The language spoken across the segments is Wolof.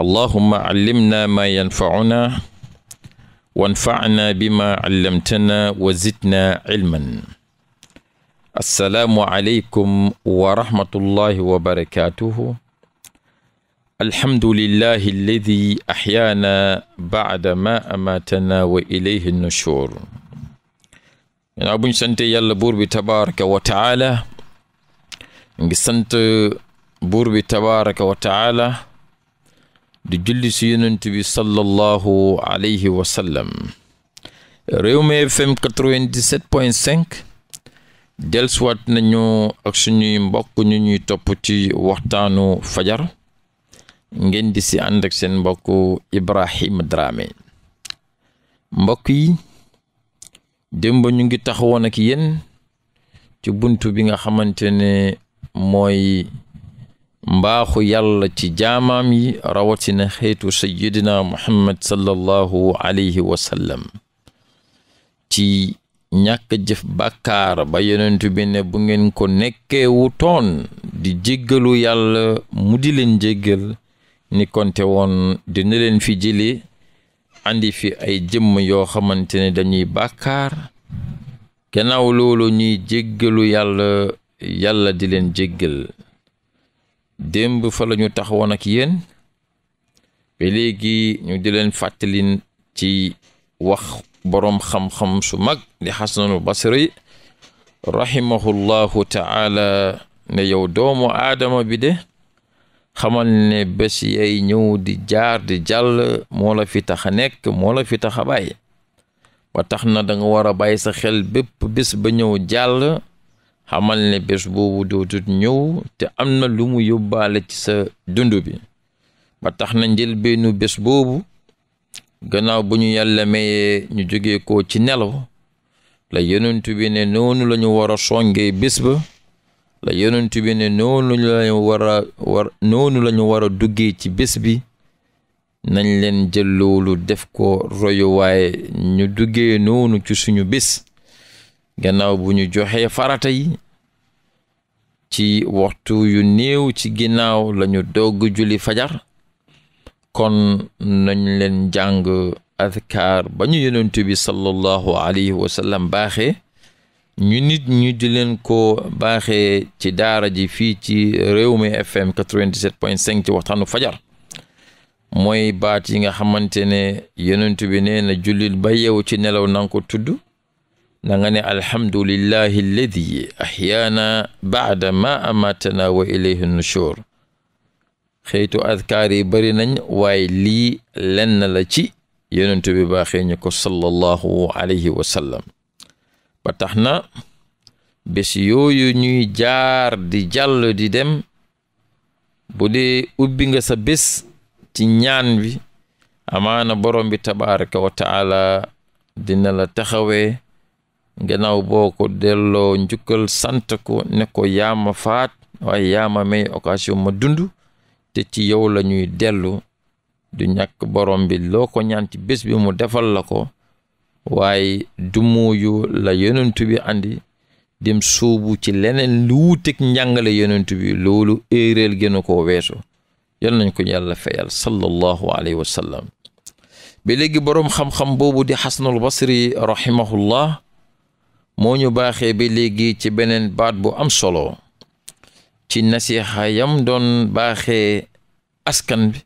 allahuma callimna maa yanfacunaa wanfacnaa bimaa callamtanaa wa zidnaa cilman assalaamu aleykum wa rahmatullahi wa barakaatuhu alhamdulillahi alladi axyaanaa bacda maa amaatanaa wa ilayhi nushuur ñanaa buñ sante yàlla buur bi tabaraka wa taala ngi sant buur bi tabaraka wa taala di julli si yonent bi sallallahu alayhi wa sallam Rewmi FM 97.5 nañu ak suñuy mbokk ñu ñuy topp ci waxtaanu fajar ngeen di si ànd ak seen mbokk Ibrahima Dramé mbokk yi démb ñu ngi taxawoon ak yéen ci buntu bi nga xamante ne mooy. mbaaxu yàlla ci jaamaam yi rawatina xeetu sayyidina muhammad sallallahu alayhi wa ci ñàkk jëf bàkkaar ba yeneen bi ne bu ngeen ko nekkee wutoon di jéggalu yàlla mu di leen jéggal ni konte woon dina leen fi jële andi fi ay jëmm yoo xamante ne dañuy bàkkaar gannaaw loolu ñuy jéggalu yàlla yàlla di leen jéggal démb fa la ñu taxawoon ak yéen ba léegi ñu di leen fàttalin ci wax boroom xam-xam su mag di xasanul basri rahimahullahu taala ne yow doomu aadama bi de xamal ne bés ay ñëw di jaar di jàll moo la fi tax a nekk moo la fi tax bàyyi ba tax na danga nga war a bàyyi sa xel bépp bés ba ñëw jàll xamal ne bés boobu dootut ñëw te am na lu mu yóbbaale ci sa dund bi ba tax na njëlbeenu bés boobu gannaaw bu ñu yàlla maye ñu jógee ko ci nelaw la yonent bi ne noonu la ñu war songee bés ba la yonent ne noonu lañu war a war la ñu war duggee ci bés bi nañ leen jël def ko royuwaay ñu duggee noonu ci suñu bés gannaaw bu ñu joxee farata ci waxtu yu néew ci ginnaaw lañu dogg julli fajar kon nañ leen jàng adkaar ba ñu yonent bi sallallahu alayhi wa sallam ñu nit ñu di ko baaxe ci daara ji fii ci réew Rewmi FM 97.5 ci waxtaanu fajar mooy baat yi nga xamante ne yonent neena nee jullit ba yeewu ci nelaw nanga ko tudd na nga ne alhamdulillahi alladi ahyaana baada ma amatana wa ilayhi nushur xëytu adkaar yi bari nañ waaye lii lenn la ci yonent bi baaxee ko sallallahu alayhi wa sallam ba tax na yooyu ñuy jaar di jàll di dem bu dee ubbi nga sa bés ci ñaan wi amaana borom bi tabaraka wa taala dina la taxawee gannaaw boo ko delloo njukkal sant ko ne ko yaama faat waaye yaama may occasion ma dund te ci yow la ñuy dellu du ñàkk borom bi loo ko ñaan ci bés bi mu defal la ko waaye dumuyu la yonentu bi andi dem suubu ci leneen lu wuuteeg njàngale yonentu bi loolu éeréel gënu koo weesu yal nañ ko yàlla fayal sallallahu alayhi wa sallam ba léegi xam-xam boobu di xasanul basri rahimahullah moo ñu baaxee ba léegi ci beneen baat bu am solo ci nasiha yam doon baaxee askan bi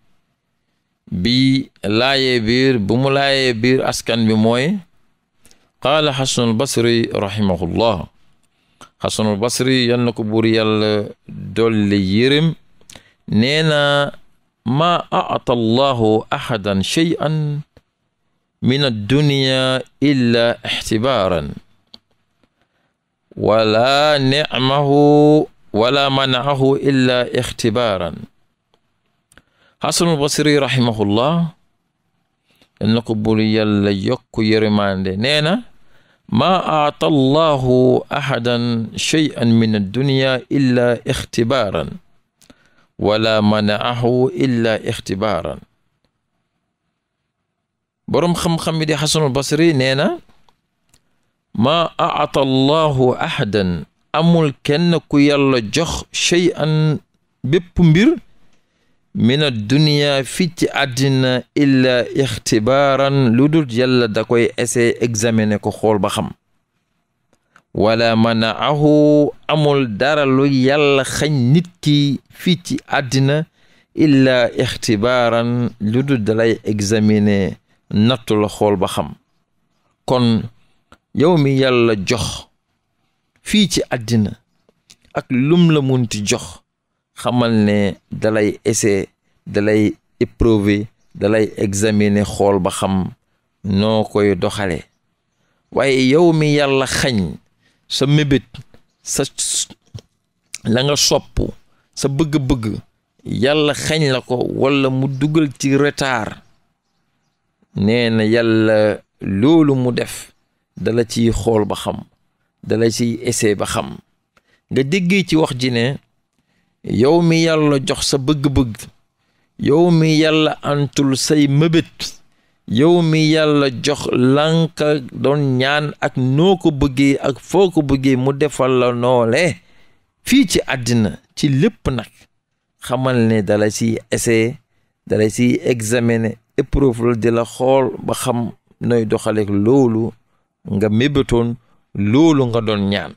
bi laayee biir bu mu laayee biir askan bi mooy qaala xasanul basri rahimahullah xasanul basri yal na ko buur yàlla dolli yërëm nee na aata allahu ahadan cheyan min ad illa ixtibaaran wala necmahu wala manaahu illa ixtibaaran xasanul basri rahimahullah na ko bul yàlla yokk yërmande nee na maa aata allahu axadan cheyan min addunia illa ixtibaaran wala manaahu illa ixtibaaran boroom xam-xam yi di xasanul basri nee na maa aata allahu ahadan amul kenn ku yalla jox shay'an bépp mbir min adduniya fii ci àddina illaa ixtibaaran lu dul yàlla da koy essayer examiner ko xool ba xam wala manaahu amul dara lu yàlla xañ nit ki fii ci àddina illaa ixtibaaran lu dul dalay examiner nattu xool ba xam kon yow mi yàlla jox fii ci àddina ak lum la munti jox xamal ne dalay essayer dalay éprouver dalay examiner xool ba xam noo koy doxale waaye yow mi yàlla xañ sa mébét sa la nga sopp sa bëgg-bëgg yàlla xañ la ko walla mu duggal ci retard nee na yàlla loolu mu def dala ciy xool ba xam dala ciy essai ba xam nga déggee ci wax ji ne yow mi yàlla jox sa bëgg-bëgg yow mi yàlla antul say mëbét yow mi yàlla jox lanka doon ñaan ak noo ko bëggee ak foo ko bëggee mu defal la noole fii ci àddina ci lépp nag xamal ne dala ciy essai dala ciy examiner épreuve la di la xool ba xam nooy doxaleek loolu nga mébétoon loolu nga doon ñaan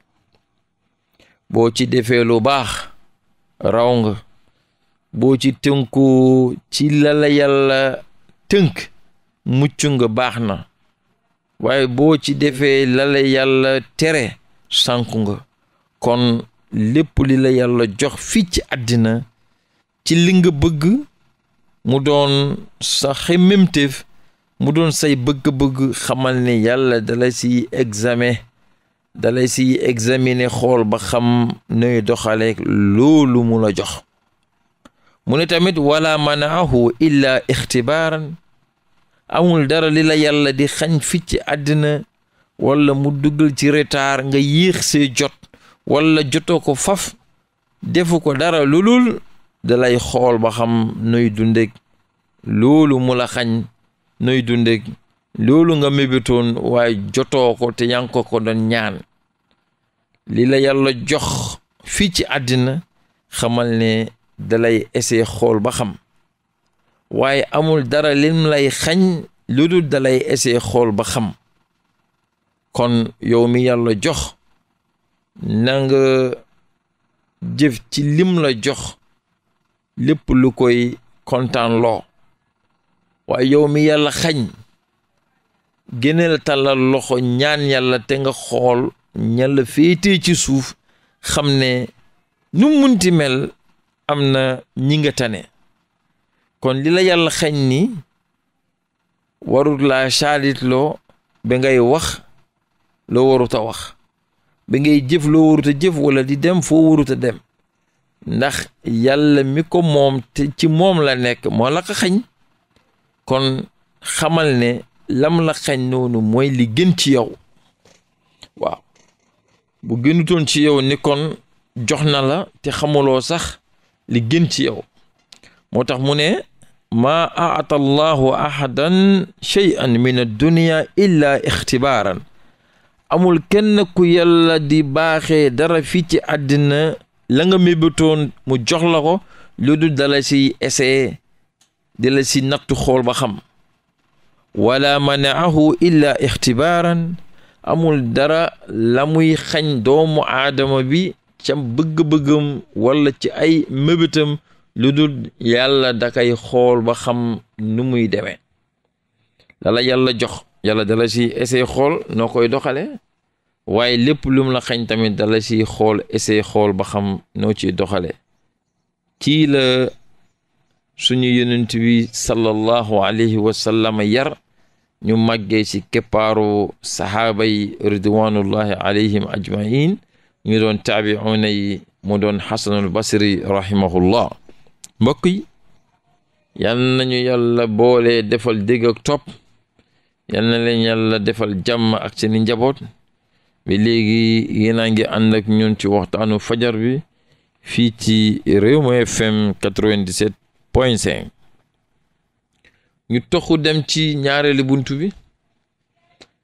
boo ci defee lu baax raw nga boo ci tënku ci lala yàlla tënk mucc nga baax na waaye boo ci defee lala yàlla tere sànku nga kon lépp li la yàlla jox fii ci àddina ci li nga bëgg mu doon sa xemmemteef mu doon say bëgg-bëgg xamal ni yàlla dalay si examen dalay si examiner xool ba xam nuy doxale loolu mu la jox mu ne tamit wala manaahu illa ixtibaaran amul dara lila la yàlla di xañ fi ci àddina wala mu duggal ci retard nga yiix see jot wala jotoo ko faf defu ko dara lulul dalay xool ba xam nuy dundeg loolu mu la xañ noy dunde loolu nga mébétoon waaye jotoo ko te yaa ko ko doon ñaan li la yàlla jox fii ci àddina xamal ne dalay essayer xool ba xam waaye amul dara lim lay xañ lu du dalay essayer xool ba xam kon yow mi yàlla jox nang jëf ci lim la jox lépp lu koy kontaan loo waaye yow mi yàlla xañ génneel tàllal loxo ñaan yàlla te nga xool ñal ñàlla féetee ci suuf xam ne nu munti mel am na ñi nga tane kon li la yàlla xañ ni warut laa saalit loo ba ngay wax loo waruta wax ba ngay jëf loo warut jëf wala di dem foo warut dem ndax yàlla mi ko moom te ci moom la nekk moo la ko xañ kon xamal ne lam la xañ noonu mooy li gën ci yow waaw bu gënutoon ci yow ni kon jox na la te xamuloo sax li gën ci yow moo tax mu ne maa aata allahu ahadan shay'an min ad-dunya illa ixtibaaran amul kenn ku yàlla di baaxe dara fii ci àddina la nga mébatoon mu jox la ko lu du dala si essayer di si nattu xool ba xam wala manaahu illa ixtibaaran amul dara la muy xañ doomu aadama bi ca bëgg-bëggam wala ci ay mébétam lu dul yàlla dakay xool ba xam nu muy demee dala yàlla jox yàlla dala si essay xool noo koy doxale waaye lépp lum la xañ tamit dala si xool essay xool ba xam noo ciy doxale ci la suñu yonent bi sallallahu alayhi wa yar ñu màggee ci keppaaru sahaaba yi ridwanullahi alayhim ajmain ñu doon taabiuna yi mu doon xasanul basri rahimahullah mbokk yi yal nañu yàlla boole defal dégg ak topp yal na leen yàlla defal jàmm ak seeni njaboot bi léegi yéena ngi ànd ak ñun ci waxtaanu fajar bi fii ci Rewmi FM 97 point cinq ñu toxu dem ci ñaareelu bunt bi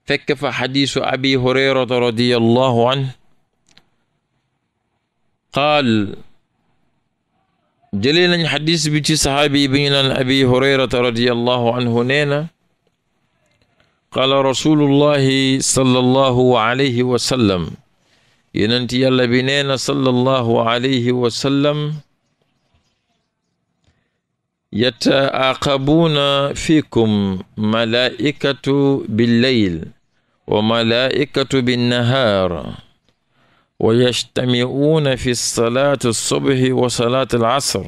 fekk fa xadiisu abi hurayrata radiallahu an qaal jëlee nañ xadiis bi ci saxaabi bi ñu naan abi hurayrata radiallahu anhu nee na qaala rasulullahi sallallahu alayhi wa sallam yonent yàlla bi nee na sallallahu alayhi wa sallam yataaqabuuna fiikum malaaikatu billeyl wa malaaikatu binnahaar wa yajtamiuuna fi salaati subhi wa salaati alasr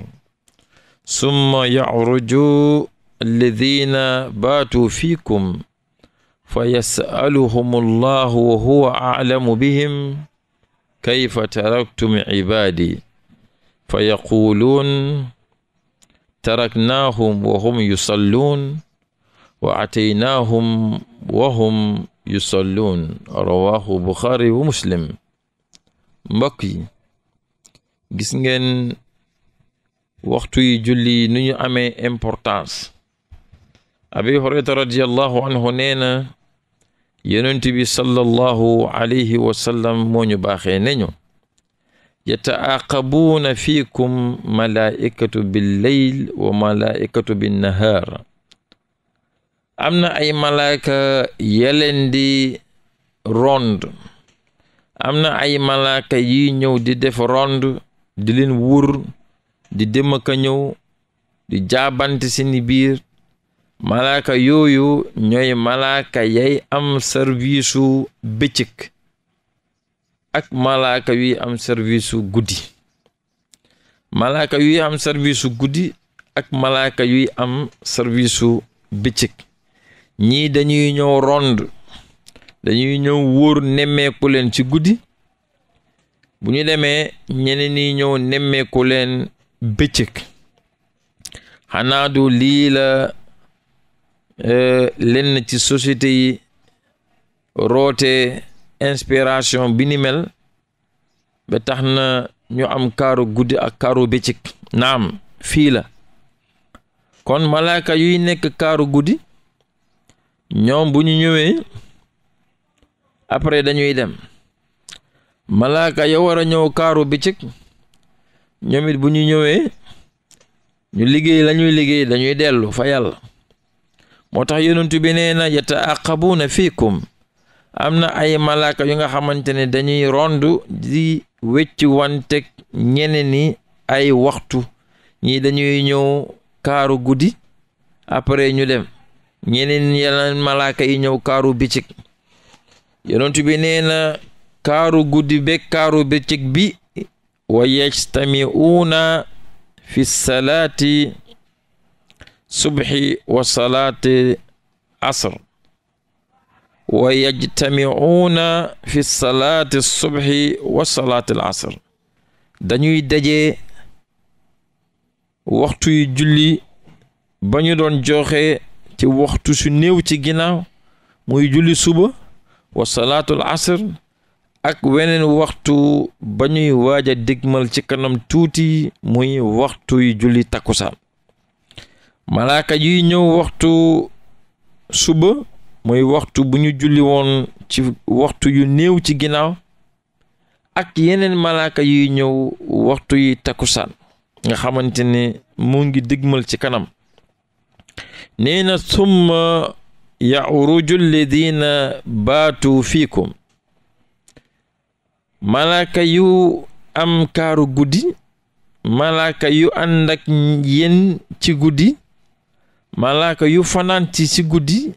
summa yacruju alladina baatuu fiikum fa yasaluhum allahu wa huwa aclamu bihim kayfa taraktum cibaadi fa yaquuluun taraknaahum wa hum yusalluun wa ataynaahum wa hum yusalluun rawahu buxaari wa muslim mbokk yi gis ngeen waxtu yi julli nu ñu amee importance abi hurayra radiallahu anhu nee na yonent bi sallallahu alayhi wa sallam moo ñu baaxee nañu yataaqabuuna fiikum malaaikatu billeyl wa malaaikatu binnahaar am na ay malaaka yeleen di rond am na ay malaaka yi ñëw di def rond di leen wur di dem ñëw di jaabante seeni biir malaaka yooyu ñooy malaaka yay am sarwiisu bëccëg ak malaaka yuy am service guddi malaaka yuy am service su guddi ak malaaka yuy am service su bëccëg ñii dañuy ñëw rond dañuy ñëw wóor nemmeeku leen ci guddi bu ñu demee ñeneen ni ñëw nemmeeku leen bëccëg xanaa du lii la euh, lenn ci société yi roote inspiration bi mel ba tax na ñu am kaaru guddi ak kaaru bëccëg naam fii la kon malaaka yuy nekk kaaru guddi ñoom bu ñu ñëwee après dañuy dem malaaka ya war a ñëw kaaru bëccëg ñoomit bu ñu ñëwee ñu liggéey lañuy liggéey dañuy dellu fa yàlla moo tax yonent bi nee na yataaqabuuna fiikum am na ay malaaka yu nga xamante ne dañuy rond di wecc wanteg ñeneen ni ay waxtu ñii dañuy ñëw kaaru guddi après ñu dem ñeneen yeneen malaaka yi ñëw kaaru bëccëg yonentu bi nee na kaaru guddi be kaaru bëccëg bi wa yajtamiuuna fi salaati subhi wa salaati asr wa yajtamiuuna fi salaati subhi wa salaati al dañuy daje waxtu yu julli ba ñu doon joxe ci waxtu su néew ci ginnaaw muy julli suba wa salaatul asr ak weneen waxtu ba ñuy waaj a digmal ci kanam tuuti muy waxtu yu julli takkusaan malaaka yuy ñëw waxtu suba muy waxtu bu ñu julli woon ci waxtu yu néew ci ginnaaw ak yeneen malaaka yuy ñëw waxtu yi takkusaan nga xamante ne mu ngi digmal ci kanam nee na summa yaruju alladina baatu fiikum malaaka yu am kaaru guddi malaaka yu ànd yen ci guddi malaaka yu fanaanti ci guddi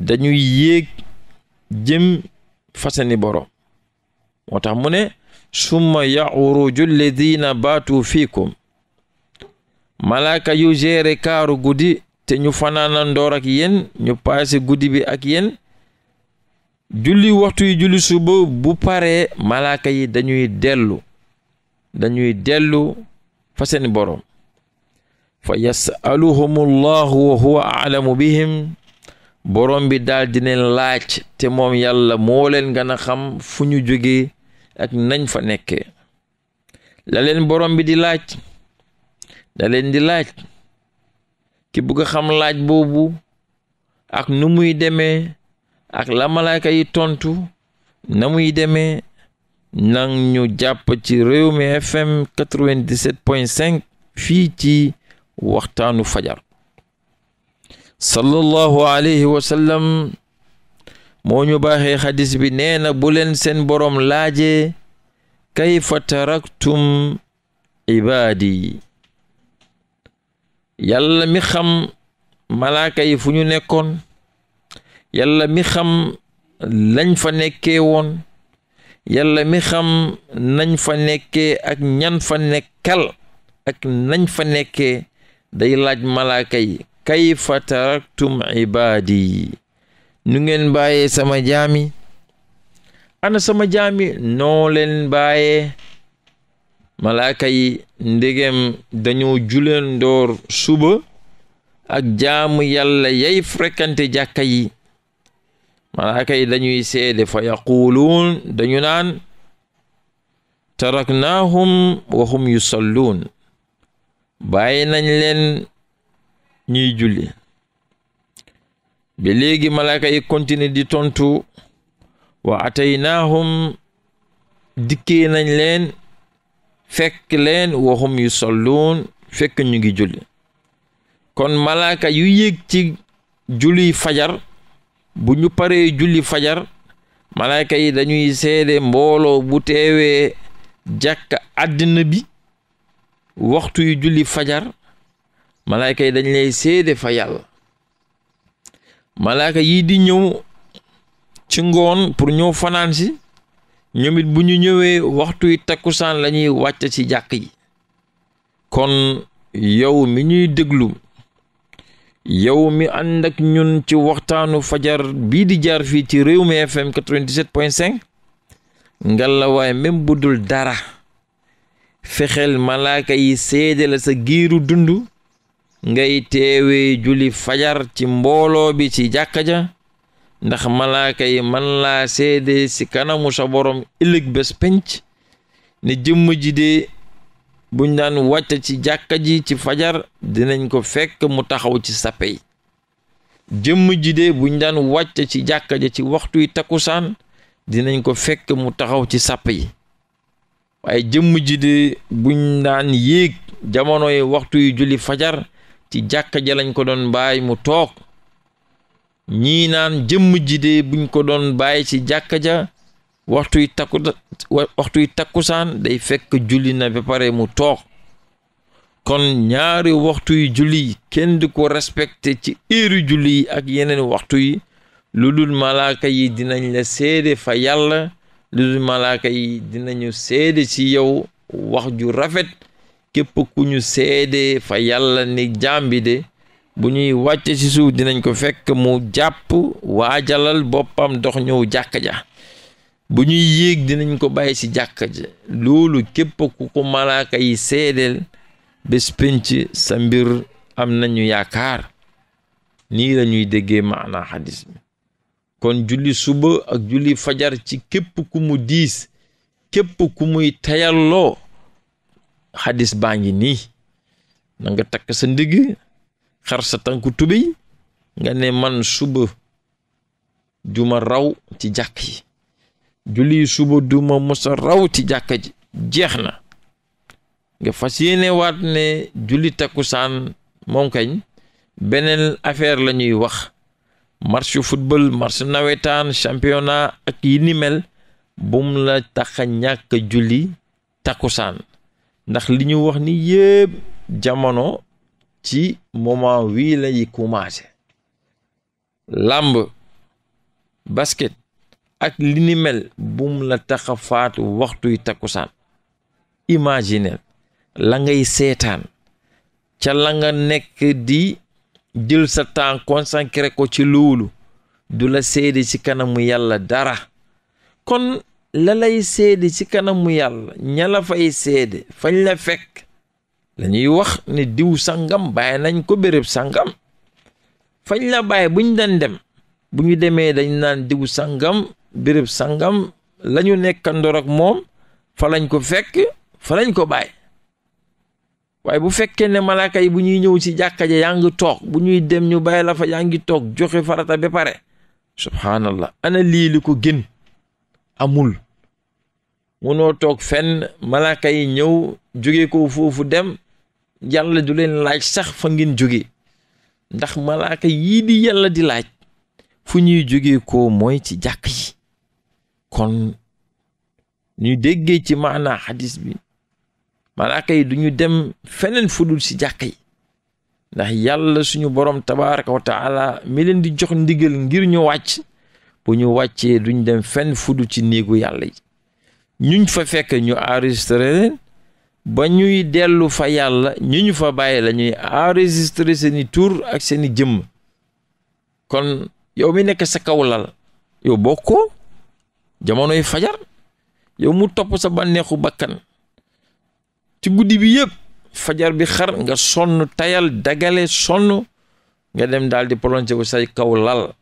dañuy yéeg jëm fasani borom moo tax mu ne summa yaruju ledina baatu fiikum malaaka yu géere kaaru guddi te ñu fanaana ndoor ak yen ñu paase guddi bi ak yéen julli waxtu julli suba bu paree malaaka yi dañuy dellu dañuy dellu fa seen borom fa yasaluhum wa huwa aalamu bihim borom bi daldi di leen laaj te moom yàlla moo leen gën a xam fu ñu jógee ak nañ fa nekke la leen borom bi di laaj da leen di laaj ki bugg xam laaj boobu ak nu muy demee ak la malaaka yi tontu na muy demee nang ñu jàpp ci réew mi FM 97.5 fii ci waxtaanu fajar sallallahu alayhi wa sallam moo ñu baaxee xadis bi nee na bu leen seen boroom laaje kayfa taraktum ibaadi yàlla mi xam malaaka fu ñu nekkoon yàlla mi xam lañ fa nekkee woon yàlla mi xam nañ fa nekkee ak ñan fa nekkal ak nañ fa nekke day laaj malaaka kayfa taraktum ibaadi nu ngeen bàyyee sama jaami ana sama jaami noo leen bàyyee malaaka yi ndegem dañoo juleen door suba ak jaamu yàlla yay fréquenté jàkka yi malaaka yi dañuy seede fa yaquluun dañu naan taraknaahum wa hum yusalluun bàyyi nañ leen ñuy julli ba léegi malaaka yi continue di tontu wa ataynaahum dikkee nañ leen fekk leen waxum yu solluun fekk ñu ngi julli kon malaaka yu yéeg ci julli fajar bu ñu paree julli fajar malaaka yi dañuy seede mbooloo bu teewe jàkk àddina bi waxtu julli fajar malaayka yi dañ lay séede fa yàlla malaayka yii di ñëw ci ngoon pour ñëw fanaan si ñoom bu ñu ñëwee waxtu yi takkusaan lañuy wàcc ci jàkk yi kon yow mi ñuy déglu yow mi ànd ak ñun ci waxtaanu fajar bii di jaar fii ci réew mi FM 97.5 ngalawaay même bu dul dara fexeel malaaka yi seede la sa giiru dund ngay teewee julli fajar ci mbooloo bi ci jàkka ja ndax malaaka yi man laa seede si kanamu sa borom ëllëg bés penc ne jëmm ji de buñ daan wàcc ci jàkka ji ci fajar dinañ ko fekk mu taxaw ci sappe jëmm ji buñ daan wàcc ci jàkka ja ci waxtu yi takkusaan dinañ ko fekk mu taxaw ci sappe yi waaye jëmm ji de buñ daan yéeg jamono yi waxtu yi julli fajar ci jàkka ja lañ ko doon bàyyi mu toog ñii naan jëmm ji de buñ ko doon bàyyi ci jàkka ja waxtuy takku takkusaan day fekk julli na ba pare mu toog kon ñaari waxtuy julli kenn di ko respecté ci heure julli ak yeneen waxtu yi lu dul malaaka yi dinañ la seede fa yàlla lu dul malaaka yi dinañu seede ci yow wax ju rafet képp ku ñu seede fa yàlla ni jaambi de bu ñuy wàcc ci suuf dinañ ko fekk mu jàpp waajalal boppam dox ñëw jàkk ja bu ñuy yéeg dinañ ko bàyyi ci jàkk ja loolu képp ku ko malaaka yi seedeel bés sa mbir am nañu yaakaar nii lañuy déggee maanaa xadis bi kon julli suba ak julli fajar ci képp ku mu diis képp ku muy tayalloo xadis baa ngi nii na nga takk sa ndigg xar sa tànku tubéy nga ne man suba duma raw ci jàkk yi julli suba duma mosa raw ci jàkk ji jeex na nga fas yéene waat ne julli takkusaan moom kañ beneen affaire la ñuy wax match football match nawetaan championnat ak yi ni mel bum la tax ñàkk julli takkusaan ndax li ñu wax ni yëpp jamono ci moment wii lay commencé làmb basket ak li ni mel bum la tax a faatu waxtuy takkusaan imaginer la ngay seetaan ca la nga nekk di jël sa temps consacré ko ci loolu du la seede ci kanamu yàlla dara kon lalay lay seede ci kanamu yàlla ña la seede fañ la fekk lañuy wax ni diw sangam bàyyi nañ ko béréb sangam fañ la bàyyi buñ daan dem bu ñu demee dañ naan diw sangam béréb sangam lañu nekkandoor ak moom fa lañ ko fekk fa lañ ko bàyyi waaye bu fekkee ne malaaka yi bu ñuy ñëw ci jàkka ja yaa ngi toog bu ñuy dem ñu bàyyi la fa yaa ngi toog joxe farata ba pare subhaanallah ana lii li ko gën amul munoo toog fenn malaaka yi ñëw jóge ko foofu dem yàlla du leen laaj sax fa ngeen jóge ndax malaaka yii di yàlla di laaj fu ñuy jóge ko mooy ci jàkk yi kon ñu déggee ci maanaa xadis bi malaaka yi duñu dem feneen fu fudul ci jàkk yi ndax yàlla suñu borom tabaraka wa mi leen di jox ndigal ngir ñu wàcc bu ñu wàccee duñ dem fenn fudu ci néegu yàlla yi ñuñ fa fekk ñu enregistré leen ba ñuy dellu fa yàlla ñu ñu fa bàyyi la ñuy enregistré seeni tur ak seeni jëmm kon yow mi nekk sa kaw lal yow bokkoo jamonoy fajar yow mu topp sa bànneexu bakkan ci guddi bi yëpp fajar bi xar nga sonn tayal dagale sonn nga dem daal di plongé bu say kaw lal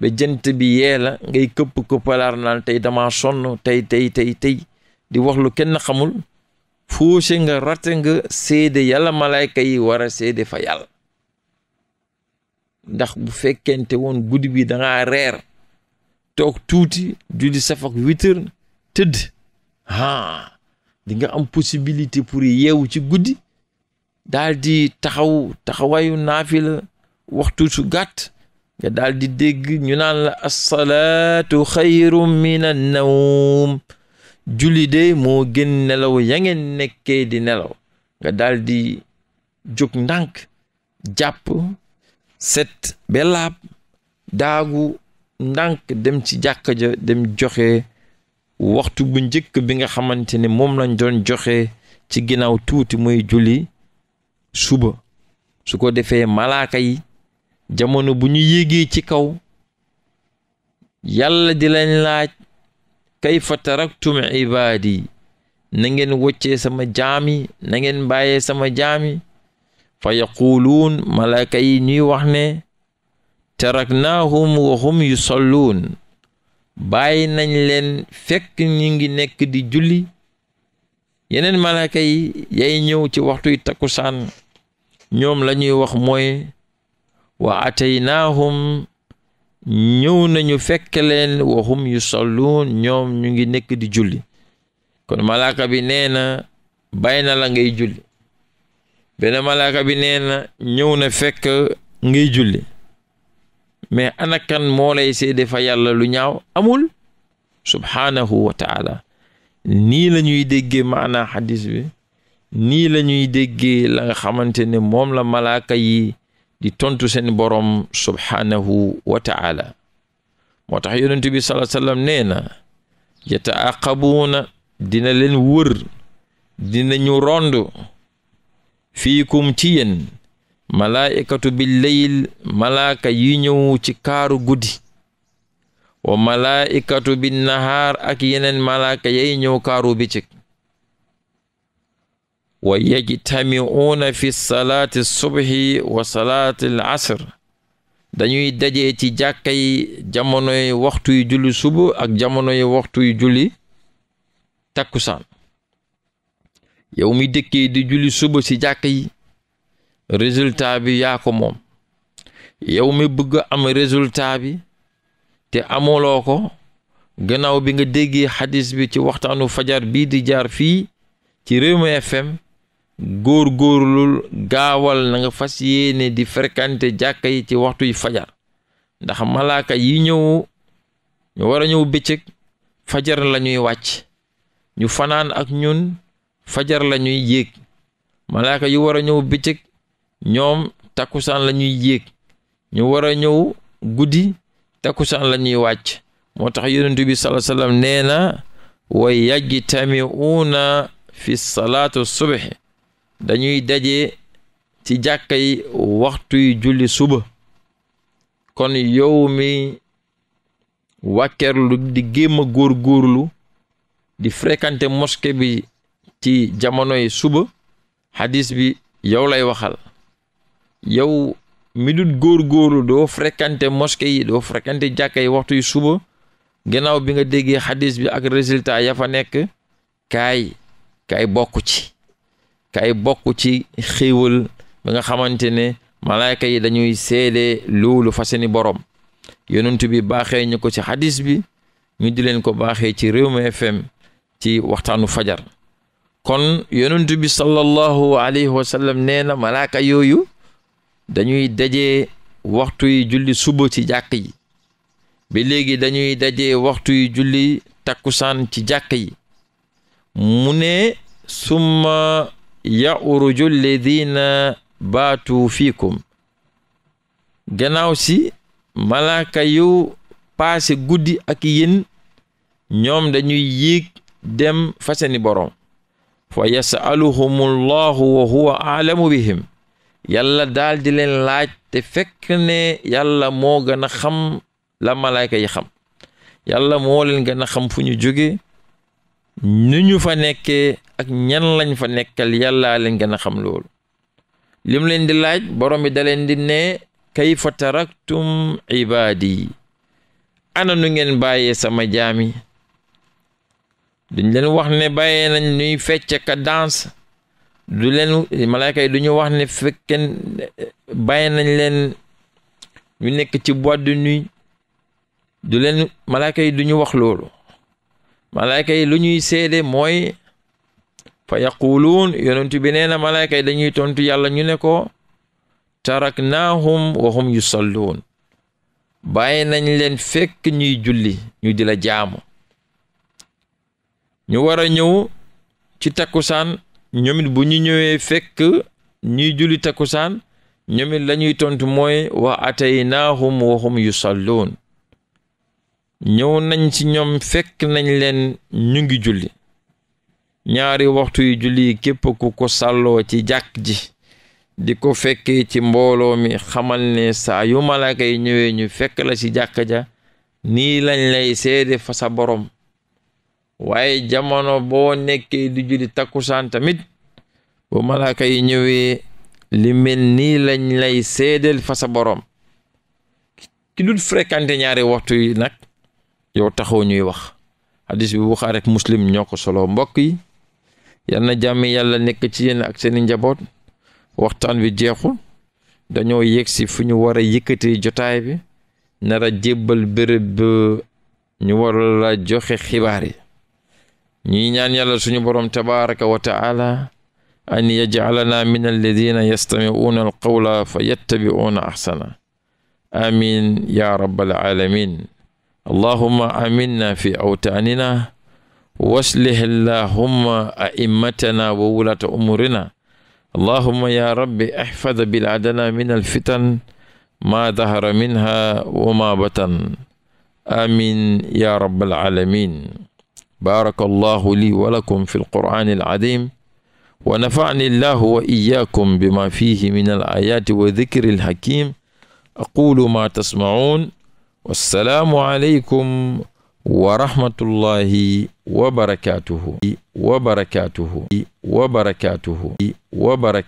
ba jant bi yee la ngay këpp ko palaar tey dama sonn tey tey tey tey di wax lu kenn xamul fauché nga raté nga seede yàlla malayka yi war a seede fa yàlla ndax bu fekkente woon guddi bi danga reer toog tuuti julli safak huit tëdd ah di nga am possibilité pour yeewu ci guddi daal di taxaw taxawaayu naafi la waxtu su gàtt nga daal di dégg ñu naan la assalaatu xayrun min annawm julli de moo gën nelaw ya ngeen nekkee di nelaw nga daal di jóg ndànk jàpp set belaab daagu ndànk dem ci jàkka ja dem joxe waxtu bu njëkk bi nga xamante ne moom lañ doon joxe ci ginnaaw tuuti muy juli suba su ko defee malaaka yi jamono bu ñu yéegee ci kaw yàlla di lañ laaj kay kayfa taraktum ibaadi na ngeen wocce sama jaami nangeen ngeen bàyyee sama jaami fa yaquluun malaaka yi ñuy wax ne taraknaahum wa yu yusalluun bàyyi nañ leen fekk ñu ngi nekk di julli yeneen malaaka yi yay ñëw ci waxtuy takkusaan ñoom lañuy wax mooy wa ataynaahum ñëw nañu fekk leen wa hum yusalluun ñoom ñu ngi nekk di julli kon malaaka bi nee na bàyyi na la ngay julli benn malaaka bi nee na ñëw na fekk ngay julli mais anakan moo lay seede fa yàlla lu ñaaw amul subhaanahu wa nii lañuy ñuy déggee maanaa bi nii lañuy ñuy la nga xamante ne moom la malaaka yi di tontu seen boroom subhaanahu wa ta'ala moo tax yonent bi sallallahu alayhi wa sallam nee na yataaqabuuna dina leen wur dina ñu rond fiikum ci yéen malaa'ikatu billeyl malaaka yi ñëw ci kaaru guddi wa malaa'ikatu binnahaar ak yeneen malaaka yay ñëw kaaru bëccëg wa yajtamiuuna fi salaati subhi wa salaati al asr dañuy dajee ci jàkka yi jamonoy waxtu yu julli suba ak jamonoy waxtu yu julli takkusaan yow mi dëkkee di julli suba ci jàkka yi résultat bi yaa moom yow mi bëgg am résultat bi te amuloo ko gannaaw bi nga déggee xadis bi ci waxtaanu fajar bii di jaar fii ci Rewmi FM góor-góorlul gaawal na nga fas yéene di fréquenter jàkka yi ci waxtu yi fajar ndax malaaka yi ñëw ñu war a ñëw bëccëg fajar lañuy ñuy wàcc ñu fanaan ak ñun fajar la ñuy yéeg malaaka yi war a ñëw bëccëg ñoom takkusaan la ñuy yéeg ñu war a ñëw guddi takkusaan la ñuy wàcc moo tax yonent bi sallallahu alayhi wasallam nee na way yàggi tamiuuna fi salaatu subhi dañuy daje ci jàkka yi waxtuy julli suba kon yow mi wàkkeerlu di gémm a góor góorlu di frekante moske bi ci jamono yi suba hadis bi yow lay waxal yow mi dut góor góorlu doo fréquenté mosquée yi doo fréquenté jàkka yi waxtu yu suba gannaaw bi nga déggee xaddis bi ak résultat ya fa nekk kaay kaay bokk ci kay bokk ci xéewal ba nga xamante ne malaayka yi dañuy seede loolu fa seeni boroom yonent bi baaxee ñu ko ci hadis bi ñu di leen ko baaxee ci Rewmi FM ci waxtaanu fajar kon yonent bi sallallahu alayhi wa sallam nee na malaaka yooyu dañuy daje waxtu yi julli suba ci jàkk yi ba léegi dañuy daje waxtu yi julli takkusaan ci jàkk yi mu ne summa yauruju ledina baatu fiikum ganaaw si malaaka yu paase guddi ak yéen ñoom dañuy yéeg dem fa seeni boroom fa yasaluhum wa huwa aalamu bihim yàlla daal di leen laaj te fekk ne yàlla moo gën xam la malaayka yi xam yàlla moo leen xam fu ñu jóge ni ñu fa nekkee ak ñan lañ fa nekkal yàllaa leen gën a xam loolu lim leen di laaj borom bi da leen di ne kayfa taraktum ibaadi ana nu ngeen bàyyee sama jaami duñ leen wax ne bàyyee nañ nuy fecc du leen du ñu wax ne fekken bàyyee nañ leen ñu nekk ci boîte de nuit du leen malaayka yi du ñu wax loolu malayka yi lu ñuy seede mooy fa yaquluun yonent bi nee na malayka yi dañuy tontu yàlla ñu ne ko tarak taraknaahum wa hum yusalluun bàyyi nañ leen fekk ñuy julli ñu di la jaamu ñu war a ñëw ci takkusaan ñoomit bu ñu ñëwee fekk ñuy julli takkusaan ñoomit la ñuy tontu mooy wa ataynaahum wa hum yusalluun ñëw nañ ci ñoom fekk nañ leen ñu ngi julli ñaari waxtu yu julli yi képp ku ko salloo ci jàkk ji di ko fekkee ci mbooloo mi xamal ne saa yu malaaka yi ñëwee ñu fekk la ci jàkk ja nii lañ lay seede fa boroom waaye jamono boo nekkee di julli takkusaan tamit bu malaaka yi ñëwee li mel nii lañ lay seedeel fa boroom ki dul fréquenté ñaari waxtu yi nag yow taxoo ñuy wax hadis bi Buxaari ak muslim ñoo solo mbokk yi yal jàmm yàlla nekk ci yenn ak seeni njaboot waxtaan bi jeexul dañoo yegg si fu ñu war a yëkkatee jotaay bi nara a jébbal béréb ñu war la joxe xibaar yi ñuy ñaan yàlla suñu borom tabaraka wa taala an yajcalana min alladina yastamicuuna alqawla fa yattabicuuna axsana amin ya rabbal alamin allahuma aminna fi awtaanina waslih allahumma a'immatana wa wulata umurina allahuma ya rabbi ahfad bilaadana min alfitan ma dahara minha wa ma batan amin ya rabbal alamin baraka allahu li wa lakum fi alqur'ani alazim wa nafa'ani allahu wa iyyakum bima fihi min alayati wa dhikri alhakim aqulu ma tasma'un wassalaamu aleykum wa rahmatullahi wa barakaatuhu wa barakaatuhu wa barakaatuhu wa barakaatuhu